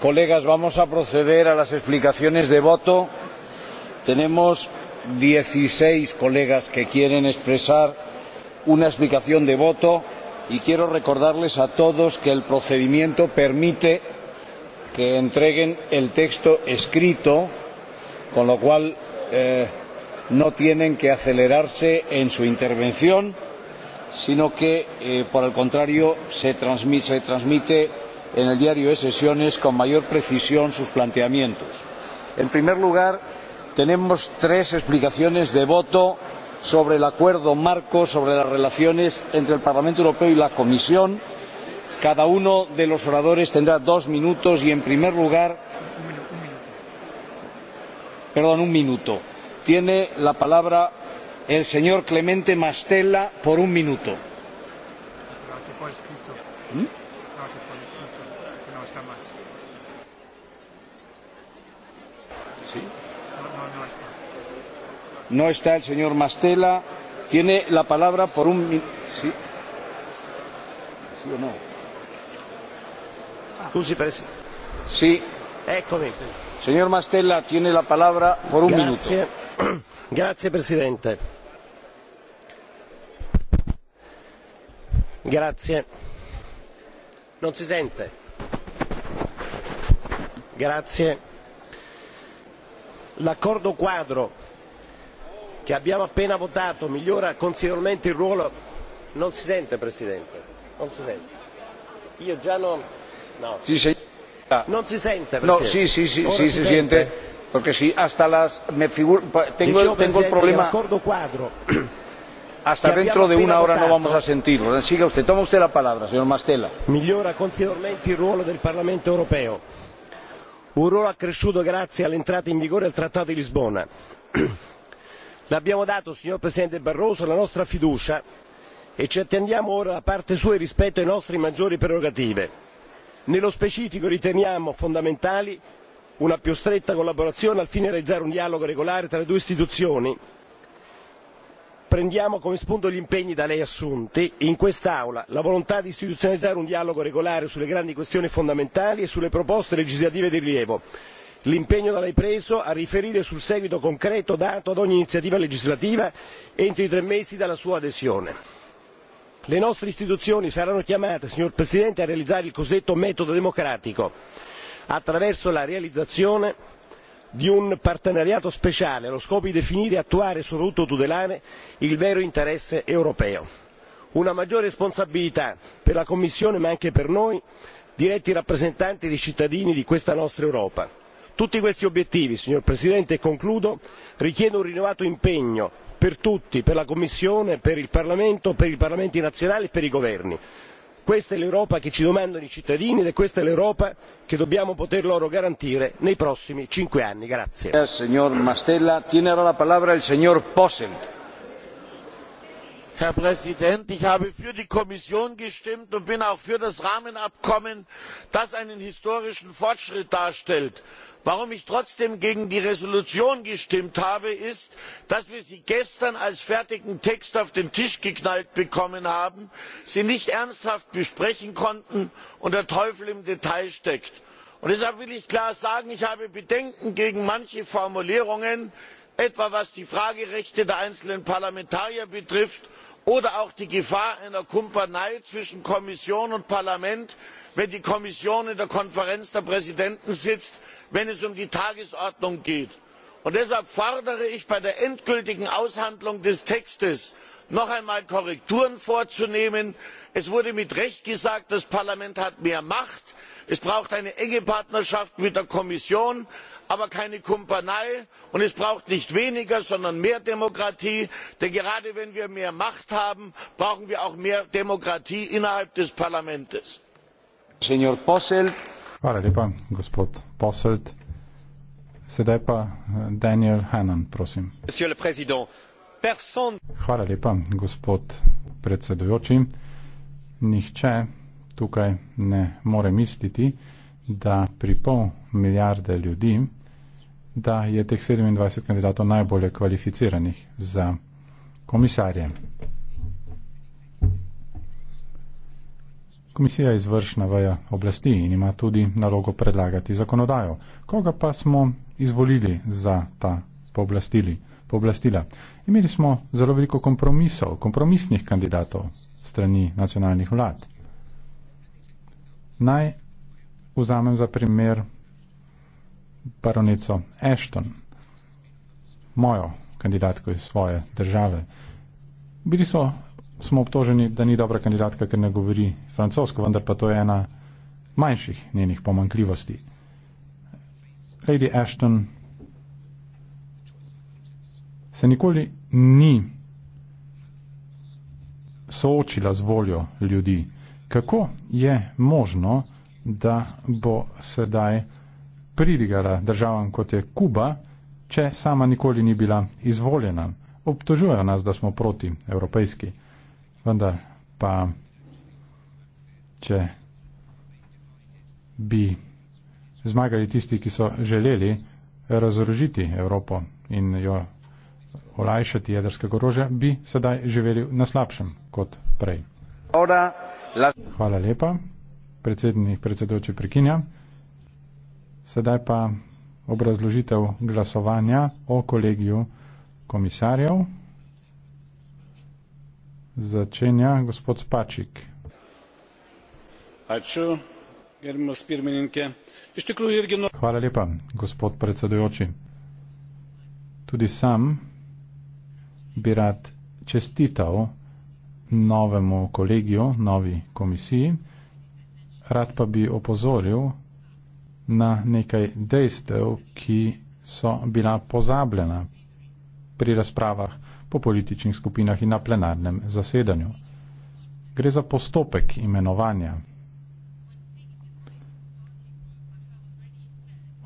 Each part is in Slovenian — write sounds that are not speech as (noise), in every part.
Colegas, vamos a proceder a las explicaciones de voto. Tenemos 16 colegas que quieren expresar una explicación de voto y quiero recordarles a todos que el procedimiento permite que entreguen el texto escrito, con lo cual eh, no tienen que acelerarse en su intervención, sino que, eh, por el contrario, se transmite. Se transmite en el diario de sesiones con mayor precisión sus planteamientos. En primer lugar, tenemos tres explicaciones de voto sobre el acuerdo marco sobre las relaciones entre el Parlamento Europeo y la Comisión. Cada uno de los oradores tendrá dos minutos y, en primer lugar, perdón, un minuto. Tiene la palabra el señor Clemente Mastella por un minuto. Gracias por escribir. No está el señor Mastela. Tiene la palabra por un ¿Sí? ¿Sí o no? Sí, parece. Sí. Eccomi. Eh, Signor Mastella, tiene la parola per un Grazie. minuto. (clears throat) Grazie Presidente. Grazie. Non si sente. Grazie. L'accordo quadro che abbiamo appena votato migliora considerevolmente il ruolo. Non si sente, Presidente. Non si sente. Io già non. No. Sì, se... Ah. Non si sente, no, Presidente. No, sì, sì, sì, sì si, si sente. sente. Perché sì, hasta las... Me figur... tengo, Dicevo, tengo il problema. L'accordo quadro. (clears throat) Hasta dentro di de una ora non vamos a sentirlo. Siga usted. Toma usted la parola, signor Mastella. Migliora considerevolmente il ruolo del Parlamento europeo. Un ruolo accresciuto grazie all'entrata in vigore del Trattato di Lisbona. (clears throat) le abbiamo dato signor presidente barroso la nostra fiducia e ci attendiamo ora da parte sua il rispetto delle nostre maggiori prerogative. nello specifico riteniamo fondamentali una più stretta collaborazione al fine di realizzare un dialogo regolare tra le due istituzioni prendiamo come spunto gli impegni da lei assunti in quest'aula la volontà di istituzionalizzare un dialogo regolare sulle grandi questioni fondamentali e sulle proposte legislative di rilievo l'impegno da lei preso a riferire sul seguito concreto dato ad ogni iniziativa legislativa entro i tre mesi dalla sua adesione. Le nostre istituzioni saranno chiamate, signor Presidente, a realizzare il cosiddetto metodo democratico attraverso la realizzazione di un partenariato speciale allo scopo di definire, e attuare e soprattutto tutelare il vero interesse europeo. Una maggiore responsabilità per la Commissione ma anche per noi, diretti rappresentanti dei cittadini di questa nostra Europa. Tutti questi obiettivi, signor Presidente, e concludo, richiedono un rinnovato impegno per tutti, per la Commissione, per il Parlamento, per i Parlamenti nazionali e per i governi. Questa è l'Europa che ci domandano i cittadini ed è questa l'Europa che dobbiamo poter loro garantire nei prossimi cinque anni. Grazie. Eh, signor Mastella, tiene ora la parola il signor Posselt herr präsident! ich habe für die kommission gestimmt und bin auch für das rahmenabkommen das einen historischen fortschritt darstellt. warum ich trotzdem gegen die entschließung gestimmt habe ist dass wir sie gestern als fertigen text auf den tisch geknallt bekommen haben sie nicht ernsthaft besprechen konnten und der teufel im detail steckt. deshalb will ich klar sagen ich habe bedenken gegen manche formulierungen etwa was die fragerechte der einzelnen parlamentarier betrifft oder auch die gefahr einer kumpanei zwischen kommission und parlament wenn die kommission in der konferenz der präsidenten sitzt wenn es um die tagesordnung geht. deshalb fordere ich bei der endgültigen aushandlung des textes noch einmal korrekturen vorzunehmen. es wurde mit recht gesagt das parlament hat mehr macht es braucht eine enge partnerschaft mit der kommission aber keine kumpanei und es braucht nicht weniger sondern mehr demokratie denn gerade wenn wir mehr macht haben brauchen wir auch mehr demokratie innerhalb des parlaments. monsieur le président personne tukaj ne more misliti, da pri pol milijarde ljudi, da je teh 27 kandidatov najbolje kvalificiranih za komisarje. Komisija je izvršna veja oblasti in ima tudi nalogo predlagati zakonodajo. Koga pa smo izvolili za ta pooblastili? pooblastila? Imeli smo zelo veliko kompromisov, kompromisnih kandidatov strani nacionalnih vlad. Naj vzamem za primer baronico Ashton, mojo kandidatko iz svoje države. Bili so, smo obtoženi, da ni dobra kandidatka, ker ne govori francosko, vendar pa to je ena manjših njenih pomankljivosti. Lady Ashton se nikoli ni soočila z voljo ljudi kako je možno, da bo sedaj pridigala državam, kot je Kuba, če sama nikoli ni bila izvoljena. Obtožujejo nas, da smo proti evropejski. Vendar pa, če bi zmagali tisti, ki so želeli razorožiti Evropo in jo olajšati jedrskega orožja, bi sedaj živeli na slabšem kot prej. Hvala lepa. Predsednik, predsedoči prekinja. Sedaj pa obrazložitev glasovanja o kolegiju komisarjev. Začenja gospod Spačik. Hvala lepa, gospod predsedujoči. Tudi sam bi rad čestital novemu kolegiju, novi komisiji. Rad pa bi opozoril na nekaj dejstev, ki so bila pozabljena pri razpravah po političnih skupinah in na plenarnem zasedanju. Gre za postopek imenovanja.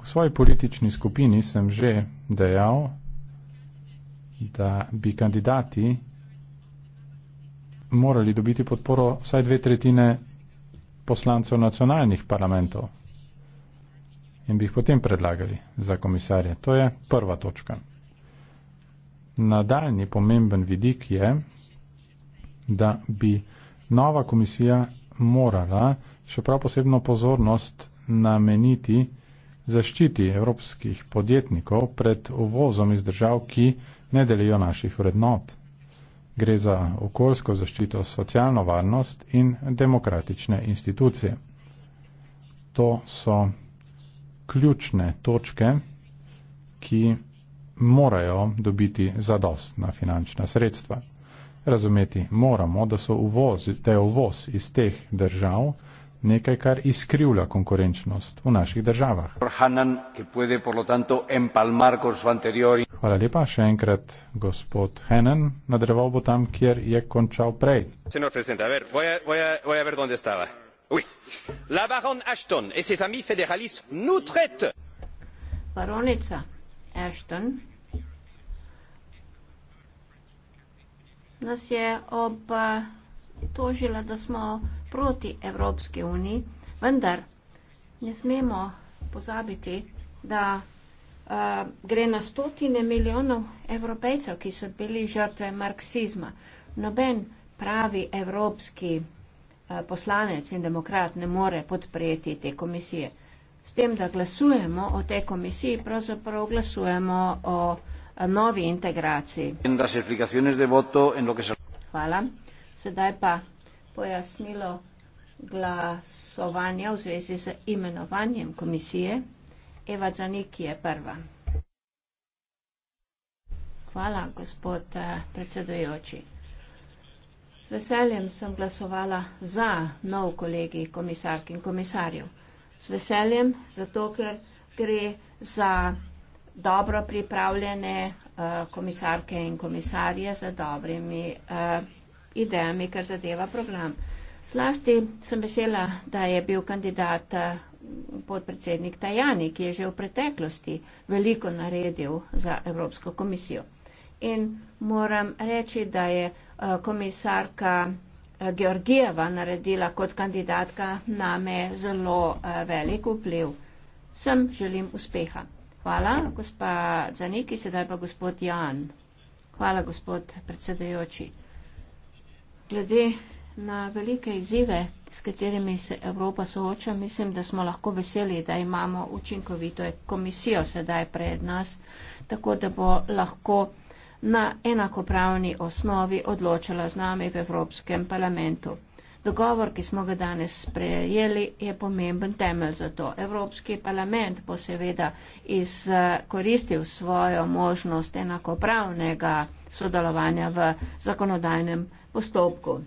V svoji politični skupini sem že dejal, da bi kandidati morali dobiti podporo vsaj dve tretjine poslancev nacionalnih parlamentov in bi jih potem predlagali za komisarje. To je prva točka. Nadaljni pomemben vidik je, da bi nova komisija morala še prav posebno pozornost nameniti zaščiti evropskih podjetnikov pred uvozom iz držav, ki ne delijo naših vrednot. Gre za okoljsko zaščito, socialno varnost in demokratične institucije. To so ključne točke, ki morajo dobiti zadostna finančna sredstva. Razumeti moramo, da, uvoz, da je uvoz iz teh držav nekaj, kar izkrivlja konkurenčnost v naših državah. Hvala lepa še enkrat, gospod Henen. Nadreval bo tam, kjer je končal prej. Baronica Ashton nas je obtožila, da smo proti Evropski uniji, vendar ne smemo pozabiti, da uh, gre na stotine milijonov evropejcev, ki so bili žrtve marksizma. Noben pravi evropski uh, poslanec in demokrat ne more podpreti te komisije. S tem, da glasujemo o tej komisiji, pravzaprav glasujemo o eh, novi integraciji. Hvala. Sedaj pa pojasnilo glasovanja v zvezi z imenovanjem komisije. Eva Zanik je prva. Hvala, gospod eh, predsedujoči. Z veseljem sem glasovala za nov kolegi komisark in komisarjev. Z veseljem, zato ker gre za dobro pripravljene uh, komisarke in komisarje, za dobrimi uh, idejami, kar zadeva program. Zlasti sem vesela, da je bil kandidat eh, podpredsednik Tajani, ki je že v preteklosti veliko naredil za Evropsko komisijo. In moram reči, da je eh, komisarka eh, Georgijeva naredila kot kandidatka name zelo velik vpliv. Sem želim uspeha. Hvala, gospa Zaniki, sedaj pa gospod Jan. Hvala, gospod predsedajoči glede na velike izzive, s katerimi se Evropa sooča, mislim, da smo lahko veseli, da imamo učinkovito komisijo sedaj pred nas, tako da bo lahko na enakopravni osnovi odločala z nami v Evropskem parlamentu. Dogovor, ki smo ga danes sprejeli, je pomemben temelj za to. Evropski parlament bo seveda izkoristil svojo možnost enakopravnega sodelovanja v zakonodajnem parlamentu postopku.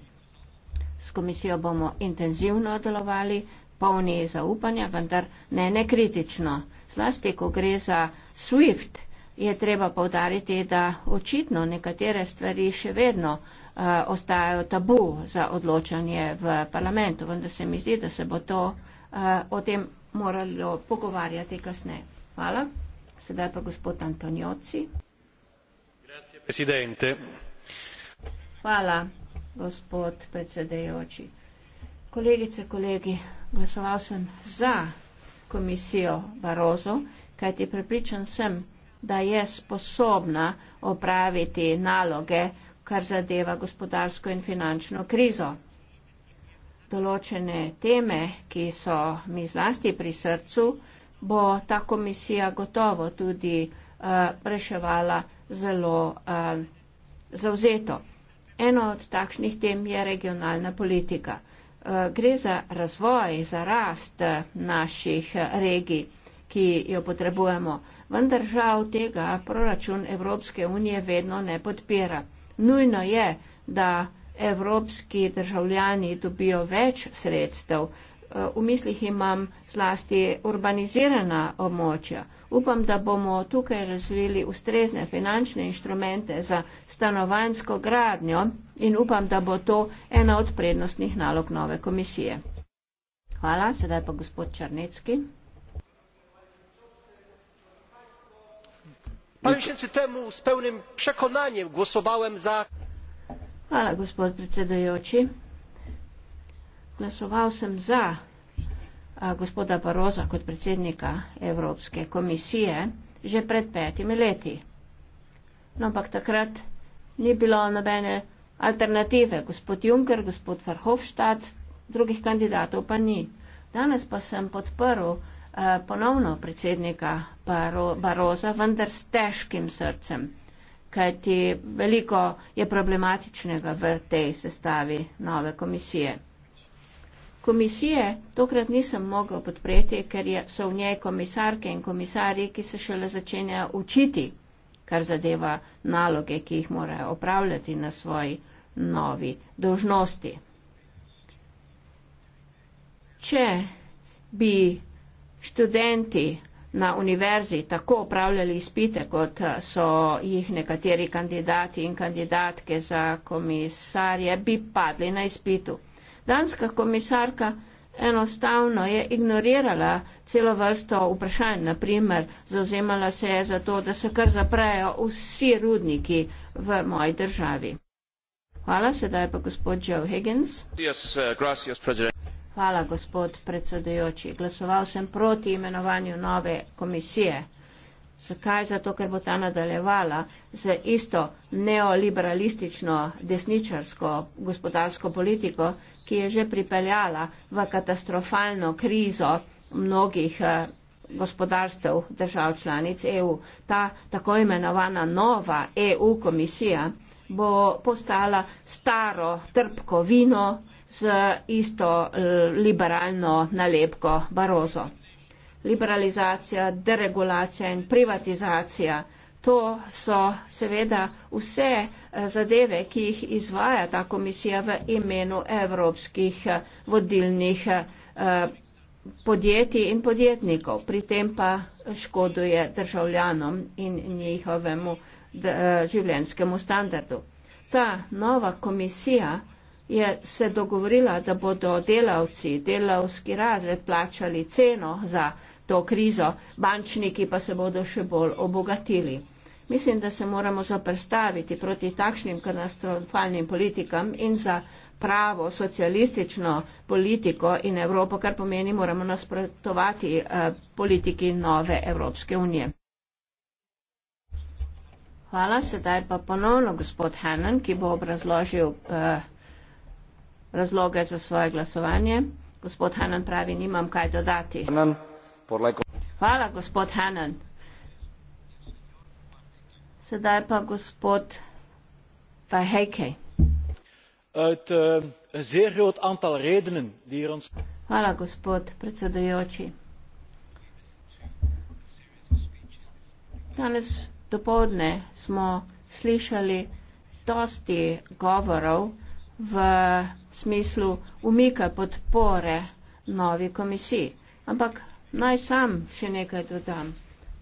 S komisijo bomo intenzivno delovali, polni zaupanja, vendar ne nekritično. Zlasti, ko gre za SWIFT, je treba povdariti, da očitno nekatere stvari še vedno uh, ostajajo tabu za odločanje v parlamentu, vendar se mi zdi, da se bo to uh, o tem moralo pogovarjati kasneje. Hvala. Sedaj pa gospod Antonioci. Grazie, Hvala, gospod predsedejoči. Kolegice, kolegi, glasoval sem za komisijo Barozo, kajti prepričan sem, da je sposobna opraviti naloge, kar zadeva gospodarsko in finančno krizo. Določene teme, ki so mi zlasti pri srcu, bo ta komisija gotovo tudi uh, reševala zelo uh, eh, zauzeto. Eno od takšnih tem je regionalna politika. Eh, gre za razvoj, za rast eh, naših eh, regij, ki jo potrebujemo. Vendar žal tega proračun Evropske unije vedno ne podpira. Nujno je, da evropski državljani dobijo več sredstev Eh, v mislih imam zlasti urbanizirana območja. Upam, da bomo tukaj razvili ustrezne finančne inštrumente za stanovanjsko gradnjo in upam, da bo to ena od prednostnih nalog nove komisije. Hvala, sedaj pa gospod Črnecki. Hvala, gospod predsedujoči glasoval sem za a, gospoda Baroza kot predsednika Evropske komisije že pred petimi leti. No, ampak takrat ni bilo nobene alternative. Gospod Juncker, gospod Verhofstadt, drugih kandidatov pa ni. Danes pa sem podprl a, ponovno predsednika Baro, Baroza, vendar s težkim srcem kajti veliko je problematičnega v tej sestavi nove komisije. Komisije tokrat nisem mogel podpreti, ker je, so v njej komisarke in komisari, ki se šele začenjajo učiti, kar zadeva naloge, ki jih morajo opravljati na svoji novi dožnosti. Če bi študenti na univerzi tako upravljali izpite, kot eh, so jih nekateri kandidati in kandidatke za komisarje, bi padli na izpitu. Danska komisarka enostavno je ignorirala celo vrsto vprašanj, naprimer zauzemala se je za to, da se kar zaprejo vsi rudniki v moji državi. Hvala, sedaj pa gospod Joe Higgins. Uh, Hvala, gospod predsedujoči. Glasoval sem proti imenovanju nove komisije. Zakaj? Zato, ker bo ta nadaljevala z isto neoliberalistično desničarsko gospodarsko politiko, ki je že pripeljala v katastrofalno krizo mnogih eh, gospodarstev držav članic EU. Ta tako imenovana nova EU komisija bo postala staro trpko vino z isto eh, liberalno nalepko Barozo. Liberalizacija, deregulacija in privatizacija, to so seveda vse zadeve, ki jih izvaja ta komisija v imenu evropskih eh, vodilnih eh, podjetij in podjetnikov, pri tem pa škoduje državljanom in njihovemu eh, življenskemu standardu. Ta nova komisija je se dogovorila, da bodo delavci, delavski razred plačali ceno za to krizo, bančniki pa se bodo še bolj obogatili. Mislim, da se moramo zaprstaviti proti takšnim katastrofalnim politikam in za pravo socialistično politiko in Evropo, kar pomeni, moramo nasprotovati eh, politiki nove Evropske unije. Hvala, sedaj pa ponovno gospod Hanan, ki bo obrazložil eh, razloge za svoje glasovanje. Gospod Hanan pravi, nimam kaj dodati. Hvala, gospod Hanan. Sedaj pa gospod Vahejke. Uit uh, een zeer groot aantal redenen die hier ons. Hallo, gospod predsedujoči. Danes dopoledne smo slišali dosti govorov v smislu umika podpore novi komisiji. Ampak naj sam še nekaj dodam.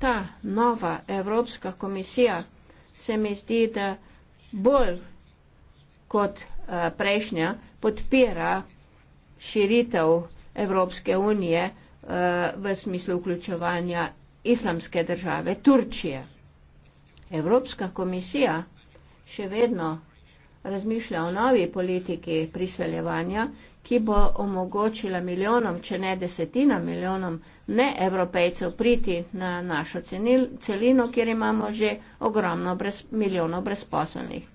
Ta nova Evropska komisija se mi zdi, da bolj kot eh, prejšnja podpira širitev Evropske unije eh, v smislu vključevanja islamske države Turčije. Evropska komisija še vedno razmišlja o novi politiki priseljevanja ki bo omogočila milijonom, če ne desetina milijonom neevropejcev priti na našo celino, kjer imamo že ogromno brez, milijonov brezposelnih.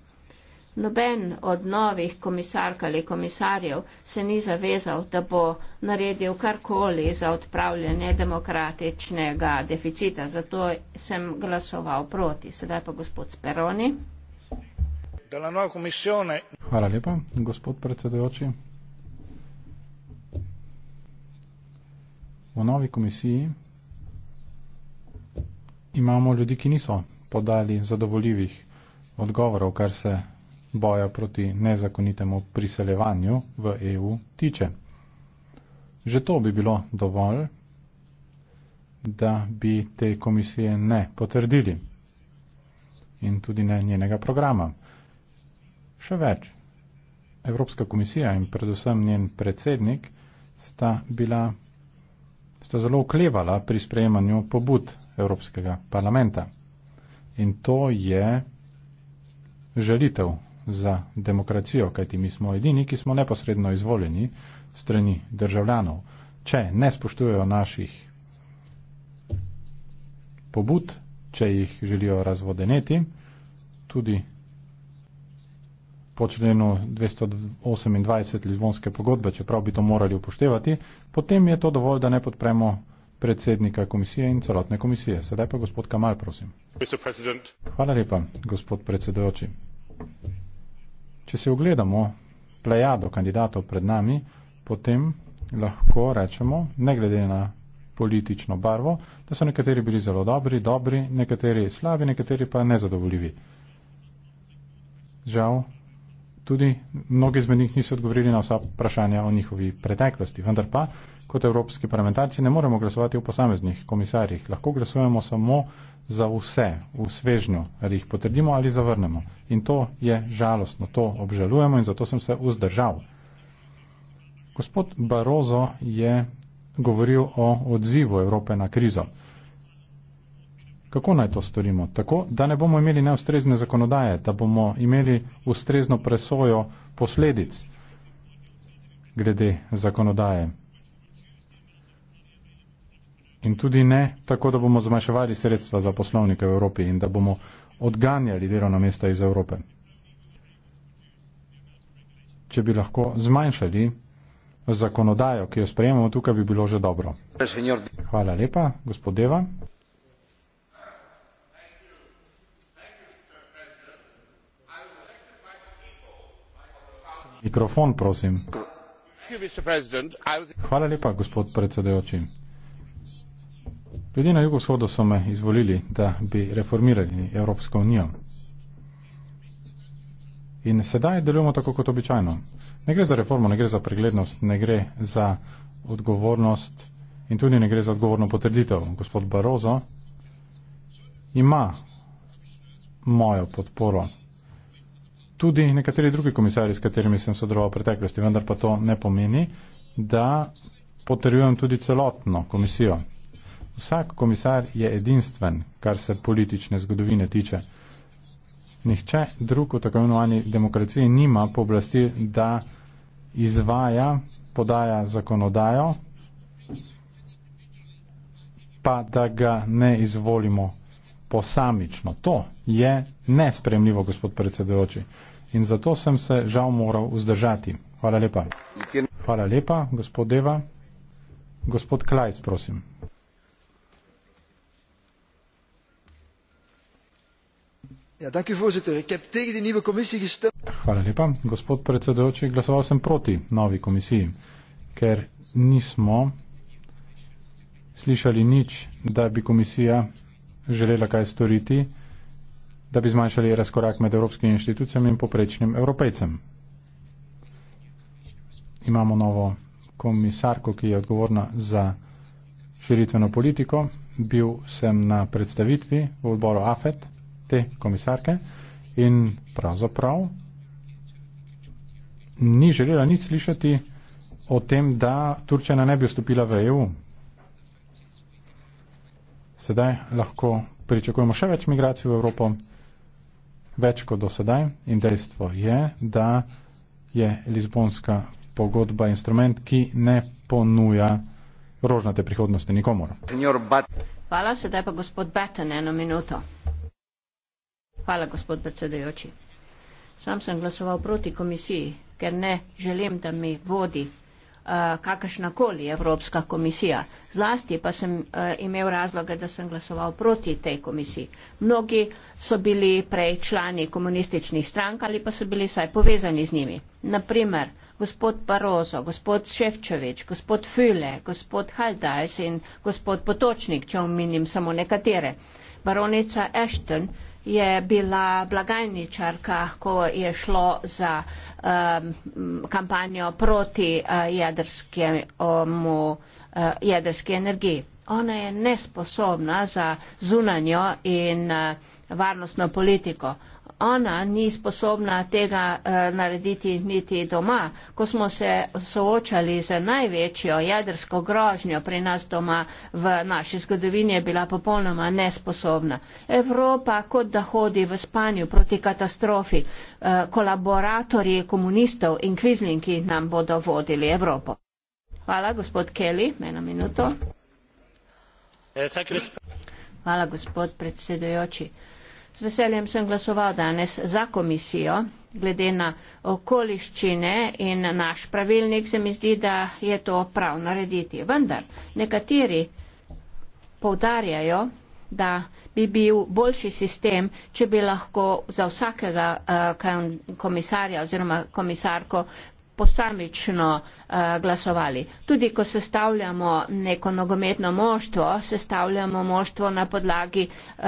Noben od novih komisark ali komisarjev se ni zavezal, da bo naredil karkoli za odpravljanje demokratičnega deficita. Zato sem glasoval proti. Sedaj pa gospod Speroni. Hvala lepa, gospod predsedujoči. v novi komisiji imamo ljudi, ki niso podali zadovoljivih odgovorov, kar se boja proti nezakonitemu priseljevanju v EU tiče. Že to bi bilo dovolj, da bi te komisije ne potrdili in tudi ne njenega programa. Še več, Evropska komisija in predvsem njen predsednik sta bila sta zelo oklevala pri sprejemanju pobud Evropskega parlamenta. In to je želitev za demokracijo, kajti mi smo edini, ki smo neposredno izvoljeni strani državljanov. Če ne spoštujejo naših pobud, če jih želijo razvodeneti, tudi počneno 228 Lizbonske pogodbe, čeprav bi to morali upoštevati, potem je to dovolj, da ne podpremo predsednika komisije in celotne komisije. Sedaj pa gospod Kamal, prosim. Hvala lepa, gospod predsedojoči. Če se ogledamo plejado kandidatov pred nami, potem lahko rečemo, ne glede na politično barvo, da so nekateri bili zelo dobri, dobri, nekateri slabi, nekateri pa nezadovoljivi. Žal, tudi mnogi izmed njih niso odgovorili na vsa vprašanja o njihovi preteklosti. Vendar pa, kot evropski parlamentarci, ne moremo glasovati o posameznih komisarjih. Lahko glasujemo samo za vse v svežnju, ali jih potrdimo ali zavrnemo. In to je žalostno, to obžalujemo in zato sem se vzdržal. Gospod Barozo je govoril o odzivu Evrope na krizo. Kako naj to storimo? Tako, da ne bomo imeli neustrezne zakonodaje, da bomo imeli ustrezno presojo posledic glede zakonodaje. In tudi ne tako, da bomo zmanjševali sredstva za poslovnike v Evropi in da bomo odganjali delovna mesta iz Evrope. Če bi lahko zmanjšali zakonodajo, ki jo sprejemamo tukaj, bi bilo že dobro. Hvala lepa, gospod Deva. Mikrofon, prosim. Hvala lepa, gospod predsedajoči. Ljudje na jugovzhodu so me izvolili, da bi reformirali Evropsko unijo. In sedaj delujemo tako kot običajno. Ne gre za reformo, ne gre za preglednost, ne gre za odgovornost in tudi ne gre za odgovorno potrditev. Gospod Barozo ima mojo podporo tudi nekateri drugi komisari, s katerimi sem sodeloval v preteklosti, vendar pa to ne pomeni, da potrjujem tudi celotno komisijo. Vsak komisar je edinstven, kar se politične zgodovine tiče. Nihče drug v tako imenovani demokraciji nima pooblasti, da izvaja, podaja zakonodajo, pa da ga ne izvolimo posamično. To je nespremljivo, gospod predsedujoči in zato sem se žal moral vzdržati. Hvala lepa. Hvala lepa, gospod Deva. Gospod Klajs, prosim. Ja, dank u voorzitter. Ik heb tegen de nieuwe commissie gestemd. Hvala lepa. Gospod predsedujoči, glasoval sem proti novi komisiji, ker nismo slišali nič, da bi komisija želela kaj storiti da bi zmanjšali razkorak med evropskimi inštitucijami in poprečnim evropejcem. Imamo novo komisarko, ki je odgovorna za širitveno politiko. Bil sem na predstavitvi v odboru AFET te komisarke in pravzaprav ni želela nič slišati o tem, da Turčena ne bi vstopila v EU. Sedaj lahko pričakujemo še več migracij v Evropo več kot dosedaj in dejstvo je, da je Lizbonska pogodba instrument, ki ne ponuja rožnate prihodnosti nikomor. Hvala, sedaj pa gospod Batten eno minuto. Hvala, gospod predsedujoči. Sam sem glasoval proti komisiji, ker ne želim, da mi vodi Eh, kakršna koli Evropska komisija. Zlasti pa sem eh, imel razloge, da sem glasoval proti tej komisiji. Mnogi so bili prej člani komunističnih strank ali pa so bili vsaj povezani z njimi. Naprimer, gospod Barozo, gospod Ševčevič, gospod Füle, gospod Haldajs in gospod Potočnik, če omenim samo nekatere. Baronica Ashton, je bila blagajničarka, ko je šlo za um, kampanjo proti uh, jedrskemu, uh, jedrski energiji. Ona je nesposobna za zunanjo in uh, varnostno politiko. Uh, ona ni sposobna tega uh, narediti niti doma. Ko smo se soočali z največjo jedrsko grožnjo pri nas doma v naši zgodovini, je bila popolnoma nesposobna. Evropa kot da hodi v spanju proti katastrofi. Uh, kolaboratorji komunistov in kvizlinki nam bodo vodili Evropo. Hvala, gospod Kelly. Eno minuto. Eh, Hvala, gospod predsedujoči. Z veseljem sem glasoval danes za komisijo, glede na okoliščine in naš pravilnik se mi zdi, da je to prav narediti. Vendar nekateri povdarjajo, da bi bil boljši sistem, če bi lahko za vsakega eh, komisarja oziroma komisarko posamično uh, glasovali. Tudi ko sestavljamo neko nogometno moštvo, sestavljamo moštvo na podlagi uh,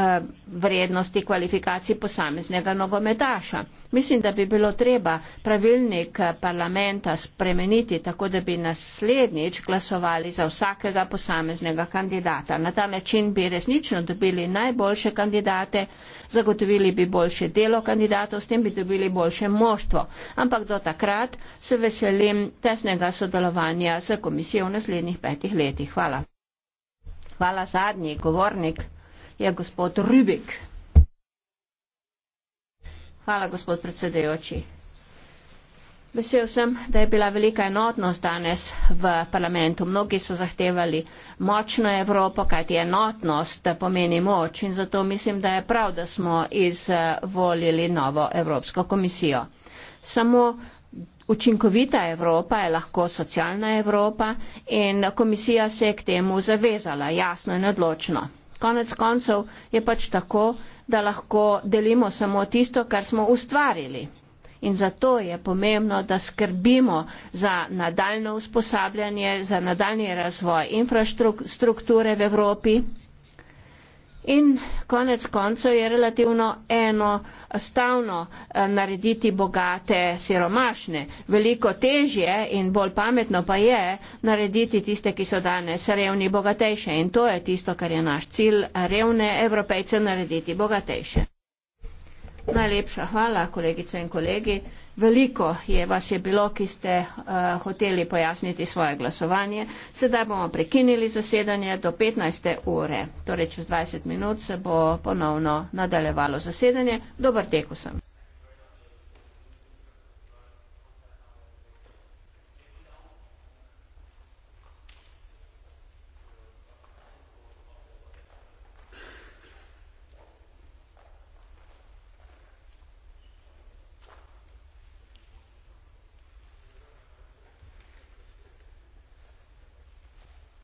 vrednosti kvalifikacij posameznega nogometaša. Mislim, da bi bilo treba pravilnik eh, parlamenta spremeniti tako, da bi naslednjič glasovali za vsakega posameznega kandidata. Na ta način bi resnično dobili najboljše kandidate, zagotovili bi boljše delo kandidatov, s tem bi dobili boljše moštvo. Ampak do takrat se veselim tesnega sodelovanja s komisijo v naslednjih petih letih. Hvala. Hvala zadnji govornik je gospod Rubik. Hvala, gospod predsedajoči. Vesel sem, da je bila velika enotnost danes v parlamentu. Mnogi so zahtevali močno Evropo, kajti enotnost pomeni moč in zato mislim, da je prav, da smo izvolili novo Evropsko komisijo. Samo Učinkovita Evropa je lahko socialna Evropa in komisija se je k temu zavezala jasno in odločno. Konec koncev je pač tako, da lahko delimo samo tisto, kar smo ustvarili. In zato je pomembno, da skrbimo za nadaljno usposabljanje, za nadaljni razvoj infrastrukture v Evropi, In konec koncev je relativno enostavno eh, narediti bogate siromašne. Veliko težje in bolj pametno pa je narediti tiste, ki so danes revni bogatejše. In to je tisto, kar je naš cilj, revne evropejce narediti bogatejše. Najlepša hvala, kolegice in kolegi. Veliko je vas je bilo, ki ste uh, hoteli pojasniti svoje glasovanje. Sedaj bomo prekinili zasedanje do 15. ure. Torej, čez 20 minut se bo ponovno nadaljevalo zasedanje. Dobar tek vsem.